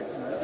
Right